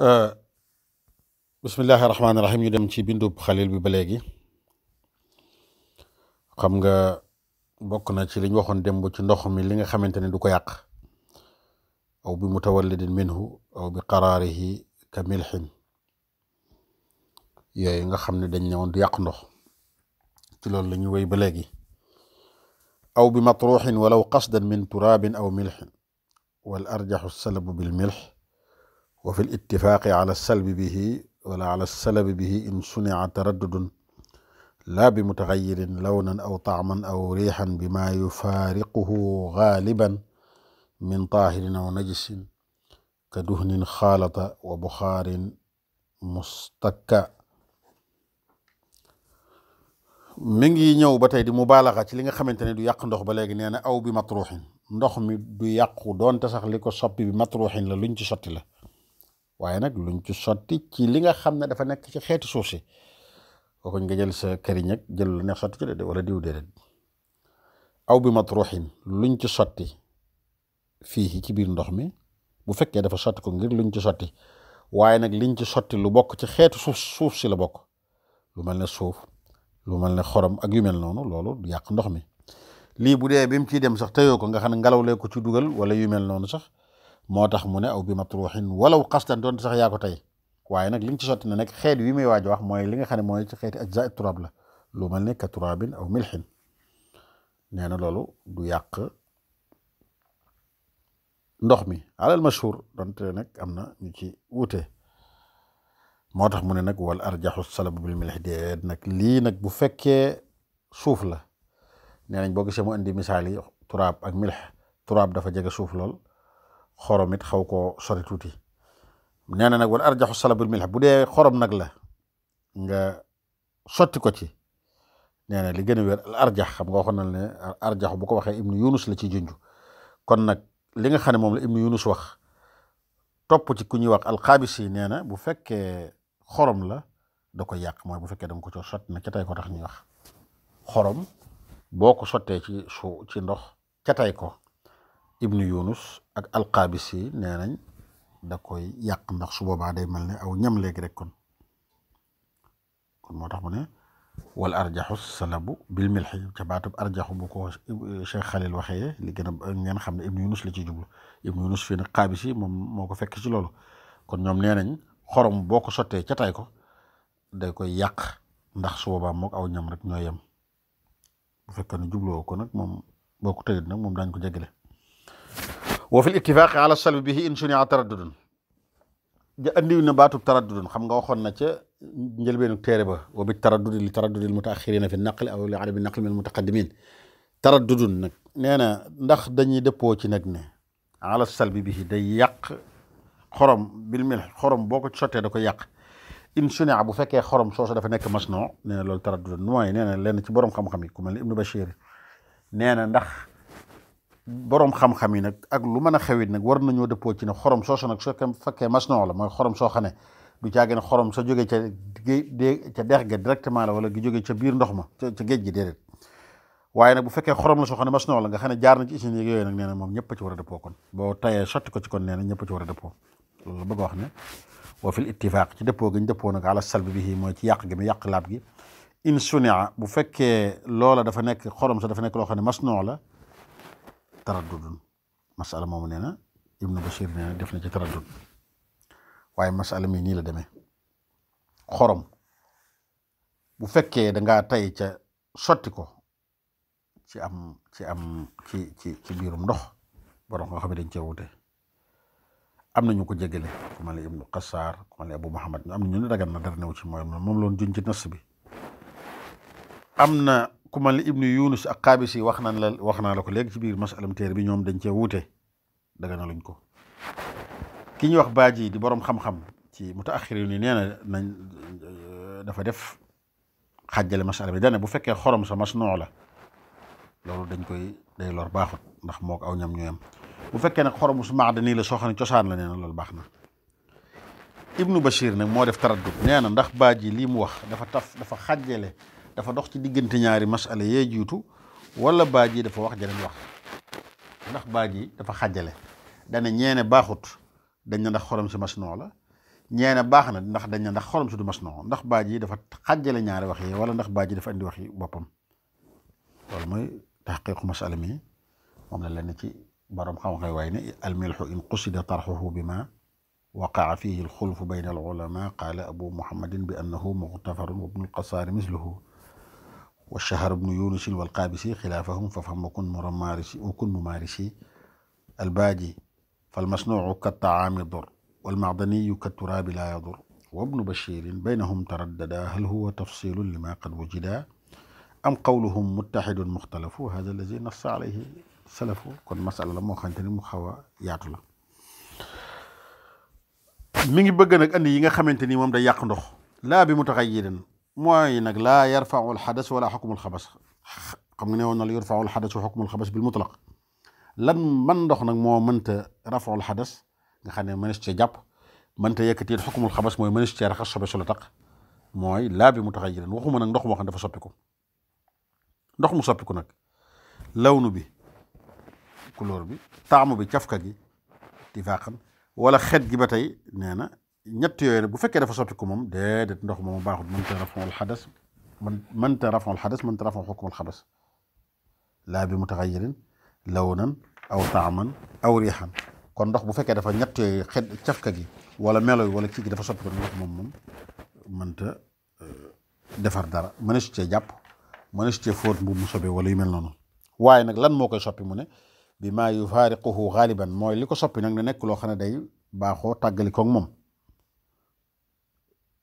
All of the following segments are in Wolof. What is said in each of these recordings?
آه. بسم الله الرحمن الرحيم يدم شي بندوب خليل ببلاغي خمغا بوكنا شي لين وخون ديم بو شي نوخو مي ليغا خامتاني دوكو ياق او بمتولد منه او بقراره كملح يي nga xamne dañ newon du yaq ndox ci lolou lañu wey ba او بمطروح ولو قصدا من تراب او ملح والارجح السلب بالملح وفي الاتفاق على السلب به ولا على السلب به إن صنع تردد لا بمتغير لونا أو طعما أو ريحا بما يفارقه غالبا من طاهر أو نجس كدهن خالط وبخار مستكى من نيو باتاي دي مبالغه سي ليغا خامتاني دو ياق ندوخ بالاغي نينا او بمطروح ندوخ مي دو ياق دون تاسخ ليكو سوبي بمطروح لا لونتي سوتي waaye nag luñ ci sotti ci li nga xam ne dafa nekk ci xeeti suuf si waxuñ nga jël sa këriñ ak jël lu neex sotti ci déedéet wala diw déedéet aw bi matruuxin ci sotti fii ci biir ndox mi bu fekkee dafa sotti ko ngir luñ ci sotti waaye nag liñ ci sotti lu bokk ci xeetu suuf suuf si la bokk lu mel ne suuf lu mel ne xorom ak yu mel noonu loolu yàq ndox mi lii bu dee bi mu ciy dem sax teyoo ko nga xam ne ngelaw lee ko ci dugal wala yu mel noonu sax motax mu ne aw bi matruuxin walaw qasdan don sax yaa ko tey waaye nag li ci sotti na nekk xeet wi muy waaj wax moy li nga xane moy ci xeeti ajza turab la lu mel ne ka turaabin aw milxin neena lolu du yàq ndox mi alal mashhur don nag nak amna ñu ci wute motax mu ne nak wal arjahu salab bil milh de nak li nak bu fekke suuf la nee nañ boo gisee mu indi misaal yi ak milh turab dafa jege suuf lol xorom it xaw koo sori tuuti nee nag wala arjaxu salabul milha bu dee xorom nag la nga sotti ko ci nee li gën a wér al arjax xam nga waxoon na ne arjaxu bu ko waxee ibnu yunus la ci junj kon nag li nga xam ne moom la ibnu yunus wax topp ci ku ñuy wax alxaabisi nee na bu fekkee xorom la da ko yàq mooy bu fekkee da nga ko ci sotti nag ca tey ko tax ñuy wax xorom boo ko sottee ci su ci ndox ca tey ko ibnu yunus ak alqaabisi nee nañ da koy yàq ndax su boobaa day mel ne aw ñam léegi rek kon kon moo tax mu ne wal arjaxu salabu bil milxi ca baatub arjaxu bu ko cheikh xalil waxee li gën a ngeen xam ne ibnu yunus la ci jublu ibnu yunus fii nag qaabisi moom moo ko fekk ci loolu kon ñoom nee nañ xorom boo ko sottee ca tay ko day koy yàq ndax su boobaa mook aw ñam rek ñooy yem bu fekkee ne jubloo ko nag moom boo ko tëjee nag moom daañ ko jegele وفي الاتفاق على السلب به ان شنع تردد جا اندي نباتو تردد خم نغا وخون نتا نجل بينو تيري با وبالتردد لتردد المتاخرين في النقل او لعرب النقل من المتقدمين تردد نك نانا ندخ دني ديبو سي نك على السلب به دي يق خرم بالملح خرم بوكو تشوتي داكو يق ان شنع بو فكي خرم صوصه دا فا نيك مصنوع نانا لول تردد نواي نانا لين سي بوروم خم خمي كوم ابن بشير نانا ندخ boroom xam-xam yi nag ak lu mën a xewit nag war na nañoo dëppoo ci ne xorom soo soosu nag su fekkee masnoo la mooy xorom soo xam ne du caage ne xorom sa jóge ca ca dex ga directement la wala gi jóge ca biir ndox ma ca géej gi déedéet waaye nag bu fekkee xorom la soo xam ne la nga xam ne jaar na ci usine yooyu nag nee na moom ñëpp a ci war a dëppoo kon boo tayee sotti ko ci kon a ci war a dëppoo mooy ci yàq yàq laab gi in bu fekkee loola dafa nekk xorom sa dafa nekk loo xam ne masnoo la taraddudun masala moomu nee na ibnu bachir nee def na ci taraddud waaye masala mi nii la deme xorom bu fekkee dangaa tay ca sotti ko ci am ci am ci ci ci biirum ndox borom nga xam ne dañ cee wute am ñu ko jégale ku mel ne ibnu qasaar ku mel ne abu muhammad am na ñu ne dagan na dara new ci mooy moom loon juñ ci bi am na ku mel ni ibnu yunus ak xaabis yi wax nañ la wax naa la ko léegi ci biir masalam téere bi ñoom dañ cee wuute daga na luñ ko ki ñuy wax baaj yi di borom xam-xam ci mutaaxirin yi nee na nañ dafa def xàjjale masala bi dane bu fekkee xorom sa masnoo la loolu dañ koy day lor baaxut ndax moo ko aw ñam ñooyam bu fekkee nag xorom su maada nii la soo xam ne cosaan la nee na loolu baax na ibnu bashir nag moo def taraddut nee na ndax baaj yi lii mu wax dafa taf dafa xàjjale dafa dox ci diggante ñaari masala yee jiitu wala baaj yi dafa wax jërëm wax ndax baaj yi dafa xajale dana ñeene baaxut dañ na ndax xorom si masnoo la ñeene baax na ndax dañ na ndax xorom si du masnoo ndax baaj yi dafa xajale ñaari wax yi wala ndax baaj yi dafa indi wax yi boppam loolu mooy taxqiiqu masala mi moom la lenn ci boroom xam-xam waaye ne almilxu in qusida tarxuhu bi ma waqaa fihi alxulfu bayna alulama qaala abu muhammadin bi annahu muxtafarun wa ibnu alqasaari misluhu والشهر بن يونس والقابسي خلافهم ففهم كن ممارسي وكن ممارسي الباجي فالمصنوع كالطعام يضر والمعدني كالتراب لا يضر وابن بشير بينهم ترددا هل هو تفصيل لما قد وجدا أم قولهم متحد مختلف هذا الذي نص عليه السلف كن مسألة لما خانتني مخوا يعطلا ميغي بغنك bëgg nag خمنتني yi nga xamante لا بمتغير معينك لا يرفع الحدث ولا حكم الخبس قم نيون اللي يرفع الحدث وحكم الخبس بالمطلق لن من دخنا مو منت رفع الحدث نخاني منش تجاب منت يكتي حكم الخبس مو منش ترخص بشو لتق موي لا بمتغير وخو من دخ مو خن دفا سوبيكو دخ مو سوبيكو نك لونو بي كولور بي طعمو بي تفكا جي اتفاقا ولا خد جي باتاي نانا ñett yooyu nag bu fekkee dafa sotti ko moom déedéet ndox moomu baaxul mënta rafon xadas man mënta rafon xadas mënta rafon xukmal xadas laa bi mutaxayirin lawnan aw taaman aw riixan kon ndox bu fekkee dafa ñett yooyu xet cafka gi wala melo yi wala ci gi dafa sotti ko ndox moom moom ta defar dara mëna ci cee jàpp mëna ci cee fóot mbubb mu sobe wala yu mel noonu waaye nag lan moo koy soppi mu ne bi maa yufaariquhu xaaliban mooy li ko soppi nag ne nekk loo xam ne day baaxoo tàggali koog moom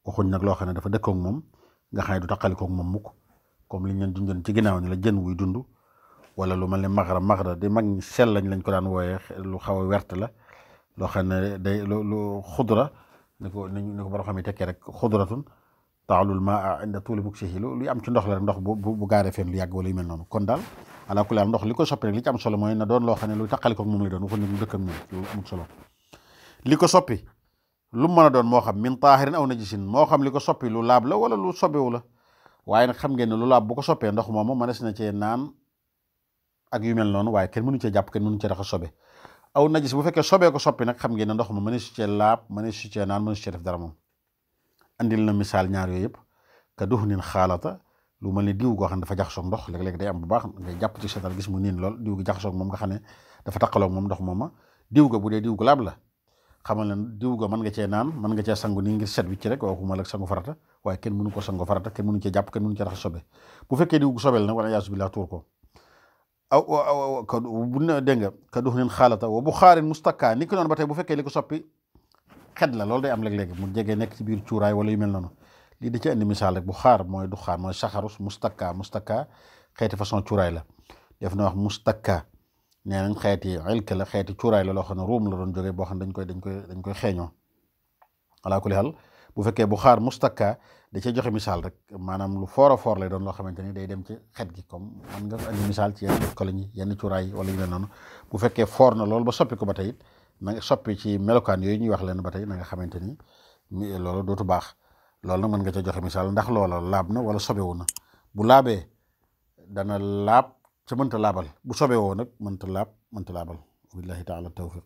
waxuñ nag loo xam ne dafa dëkkoog moom nga xam ne du taqalikoog moom mukk comme liñ leen junjoon ci ginnaaw ni la jën wuy dund wala lu mel ne maxara maxara di mag ñi sel lañ lañ ko daan wooyee lu xaw a wert la loo xam ne day lu lu xudra ni ko ni ko borom xam yi tekkee rek xudratun taalul maa inda tuuli muksihi lu luy am ci ndox la rek ndox bu bu gaaree fenn lu yàgg wala yu noonu kon daal ala kulli ndox li ko soppi rek li ci am solo mooy na doon loo xam ne lu taqalikoog moom lay doon waxuñ ne mu soppi lu mana don mo xam min taahirin aw najisin mo xam liko ko soppi lu lab la wala lu sobewu la waye nak xam ngeen lu lab bu ko soppe ndox moomu mënees na ci nan ak yu mel non waye ken munu ci japp ken munu ci raxa sobe aw najis bu fekke sobe ko soppi nak xam ngeen ndox mu mënees ci cee laab mënees su cee naan def dara mom andil na misal ñaar yooyu ka duhnin nin lu melni diw go xam dafa jax sok ndox leg leg day am bu baax ngay japp ci setal gis mu nin lol diw gi sok mom nga xane dafa takalok mom ndox mooma diw ga bu diw gu lab la xamal na diw ga man nga cee naan man nga cee sangu ni ngir set wi ci rek waxu waxuma la sangu farata waaye kenn mënu ko sangu farata kenn mënu ci jàpp kenn mënu ci raxas sobe bu fekkee diw sobel na wala yaasu billah tuur ko aw aw bu ne dégg nga ka dux nen xaalata wa bu xaarin mustakka ni ko noonu ba tey bu fekkee li ko soppi xet la loolu day am léeg-léegi mu jege nekk ci biir cuuraay wala yu mel noonu li da ci andi misaal rek bu xaar mooy du xaar mooy saxarus mustaka mustaka xeeti façon cuuraay la def na wax mustaka nee nañ xeeti ilk la xeeti cuuraay la loo xam ne ruum la doon jóge boo xam koy dañ koy dañ koy xeeñoo alaa kulli haal bu fekkee buxaar mustaka da cee joxe misaal rek maanaam lu foor a foor lay doon loo xamante ni day dem ci xet gi comme man nga andi misaal ci yenn koloñ yi yenn cuuraay wala yu mel bu fekkee foor na loolu ba soppi ko ba tey it na nga soppi ci melokaan yooyu ñuy wax leen ba tey na xamante ni loolu dootu baax loolu nag mën nga ca joxe misaal ndax loola laab na wala sobewu na bu laabee dana laab ca mënta laabal bu sobee woo nag mënta laab mënta laabal wabillahi taala tawfiq